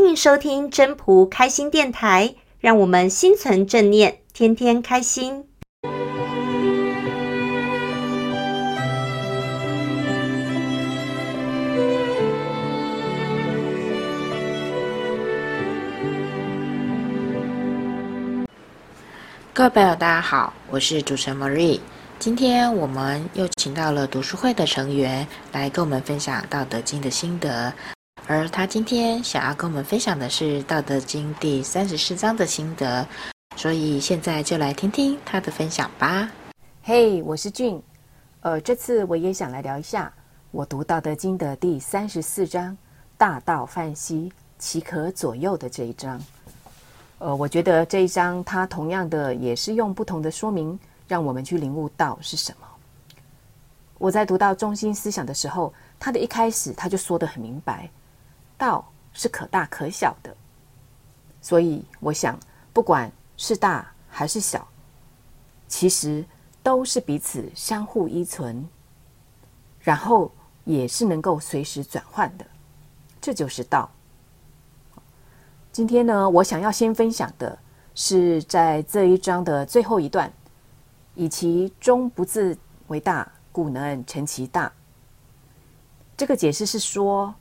歡迎收聽真樸開心電臺，讓我們心存正念，天天開心。各位朋友，大家好，我是主持人 Marie。今天我們又請到了讀書會的成員來跟我們分享《道德經》的心得。而他今天想要跟我們分享的是《道德經》第三十四章的心得，所以現在就來聽聽他的分享吧。嘿，hey, 我是俊，呃，這次我也想來聊一下我讀《道德經》的第三十四章“大道泛兮，其可左右”的這一章。呃，我覺得這一章它同樣的也是用不同的說明，讓我們去領悟道是什麼。我在讀到中心思想的時候，它的一開始他就說得很明白。道是可大可小的，所以我想，不管是大還是小，其實都是彼此相互依存，然後也是能夠隨時轉換的，這就是道。今天呢，我想要先分享的是在這一章的最後一段，以其終不自為大，故能成其大。這個解釋是說。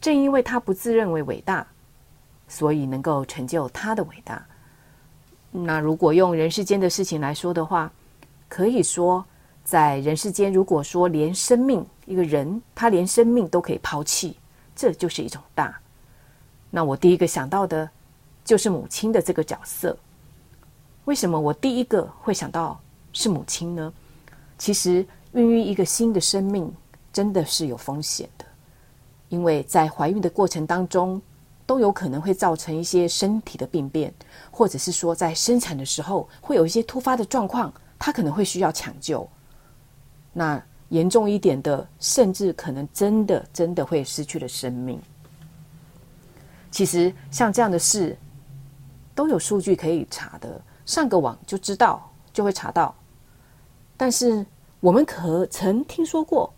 正因為他不自認為偉大，所以能夠成就他的偉大。那如果用人世間的事情來說的話，可以說，在人世間，如果說連生命一個人，他連生命都可以拋棄，這就是一種大。那我第一個想到的就是母親的這個角色。為什麼我第一個會想到是母親呢？其實，孕育一個新的生命真的是有風險的。因為在懷孕的過程當中，都有可能會造成一些身體的病變，或者是說在生產的時候會有一些突發的狀況，她可能會需要搶救。那嚴重一點的，甚至可能真的真的會失去了生命。其實像這樣的事都有數據可以查的，上個網就知道，就會查到。但是我們可曾聽說過，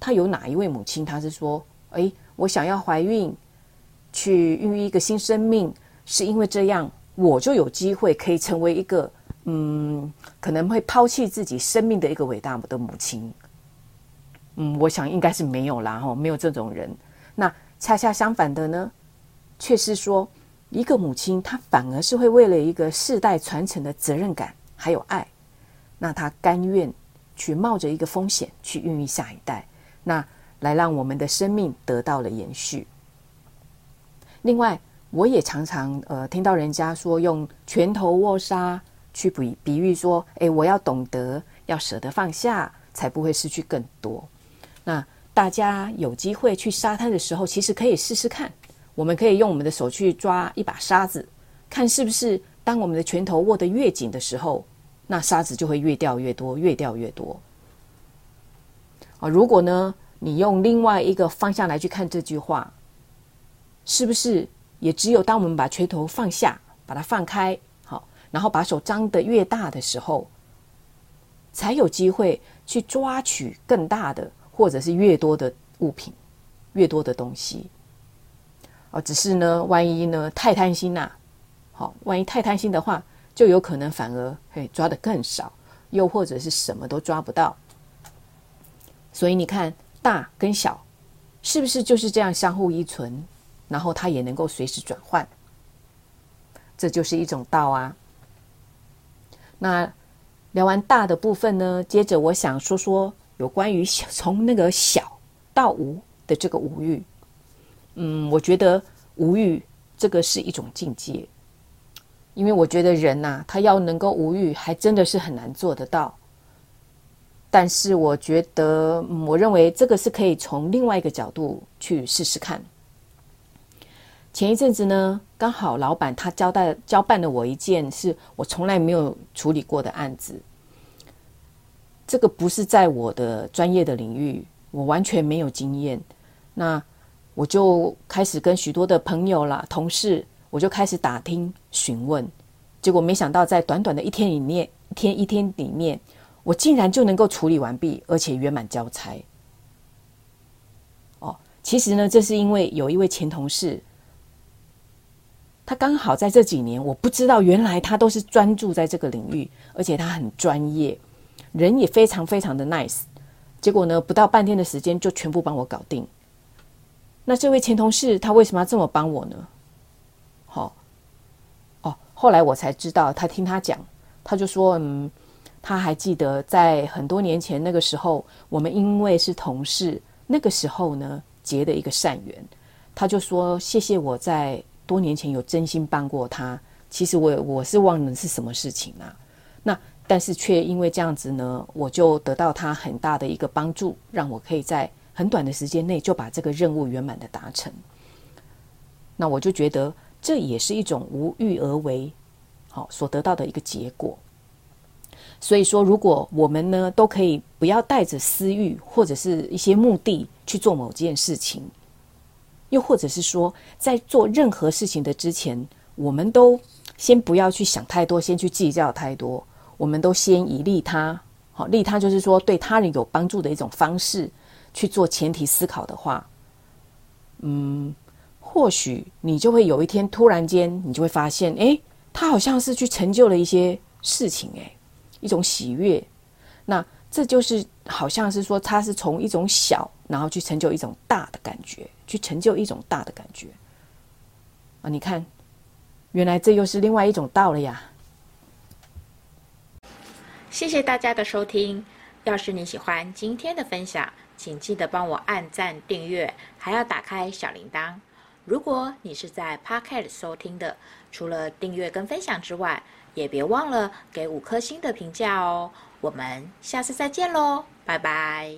她有哪一位母親，她是說？哎，我想要懷孕，去孕育一個新生命，是因為這樣我就有機會可以成為一個，嗯，可能會拋棄自己生命的一個偉大的母親。嗯，我想應該是沒有啦，哈、哦，沒有這種人。那恰恰相反的呢，卻是說一個母親她反而是會為了一個世代傳承的責任感還有愛，那她甘願去冒着一個風險去孕育下一代。那。來讓我們的生命得到了延續。另外，我也常常呃聽到人家說用拳頭握沙去比比喻說，誒我要懂得要捨得放下，才不會失去更多。那大家有機會去沙灘的時候，其實可以試試看，我們可以用我們的手去抓一把沙子，看是不是當我們的拳頭握得越緊的時候，那沙子就會越掉越多，越掉越多。啊，如果呢，你用另外一個方向來去看這句話，是不是？也只有當我們把拳頭放下，把它放開，好，然後把手張得越大的時候，才有機會去抓取更大的，或者是越多的物品，越多的東西。哦，只是呢，萬一呢太貪心吶，好，萬一太貪心的話，就有可能反而嘿，抓得更少，又或者是什麼都抓不到。所以你看。大跟小，是不是就是這樣相互依存，然後它也能夠隨時轉換？這就是一種道啊。那聊完大的部分呢，接着我想說說有關於小，從那個小到無的這個無欲。嗯，我覺得無欲這個是一種境界，因為我覺得人吶、啊，他要能夠無欲，還真的是很難做得到。但是我覺得，我認為這個是可以從另外一個角度去試試看。前一陣子呢，剛好老闆他交代交辦了我一件是我從來沒有處理過的案子，這個不是在我的專業的領域，我完全沒有經驗。那我就開始跟許多的朋友啦、同事，我就開始打聽詢問，結果沒想到在短短的一天裡面，一天一天裡面。我竟然就能夠處理完畢，而且圓滿交差。哦，其實呢，這是因為有一位前同事，他剛好在這幾年，我不知道原來他都是專注在這個領域，而且他很專業，人也非常非常的 nice。結果呢，不到半天的時間就全部幫我搞定。那這位前同事他為什麼要這麼幫我呢？好，哦，哦，後來我才知道，他聽他講，他就說，嗯。他還記得在很多年前那個時候，我們因為是同事，那個時候呢結的一個善緣。他就說：“謝謝我在多年前有真心幫過他。”其實我我是忘了是什麼事情啦、啊，那但是卻因為這樣子呢，我就得到他很大的一個幫助，讓我可以在很短的時間內就把這個任務圓滿的達成。那我就覺得這也是一種無欲而為，好、哦、所得到的一個結果。所以說，如果我們呢都可以不要帶着私欲或者是一些目的去做某件事情，又或者是說在做任何事情的之前，我們都先不要去想太多，先去計較太多，我們都先以利他，好，利他就是說對他人有幫助的一種方式去做前提思考的話，嗯，或許你就會有一天突然間，你就會發現，誒、欸，他好像是去成就了一些事情、欸，誒。一種喜悅，那這就是好像是說，它是從一種小，然後去成就一種大的感覺，去成就一種大的感覺。啊、哦，你看，原來這又是另外一種道了呀！謝謝大家的收聽。要是你喜歡今天的分享，請記得幫我按讚、訂閱，還要打開小鈴鐺。如果你是在 Podcast 收聽的，除了訂閱跟分享之外，也別忘了給五顆星的評價哦，我們下次再見嘍，拜拜。